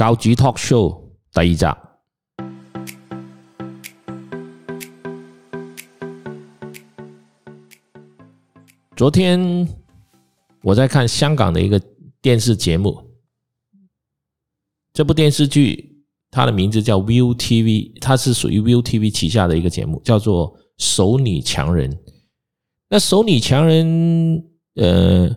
教主 talk show 第二集。昨天我在看香港的一個電視節目，這部電視劇它的名字叫 Viu TV，它是屬於 Viu TV 旗下的一個節目，叫做《手女強人》。那《手女強人》呃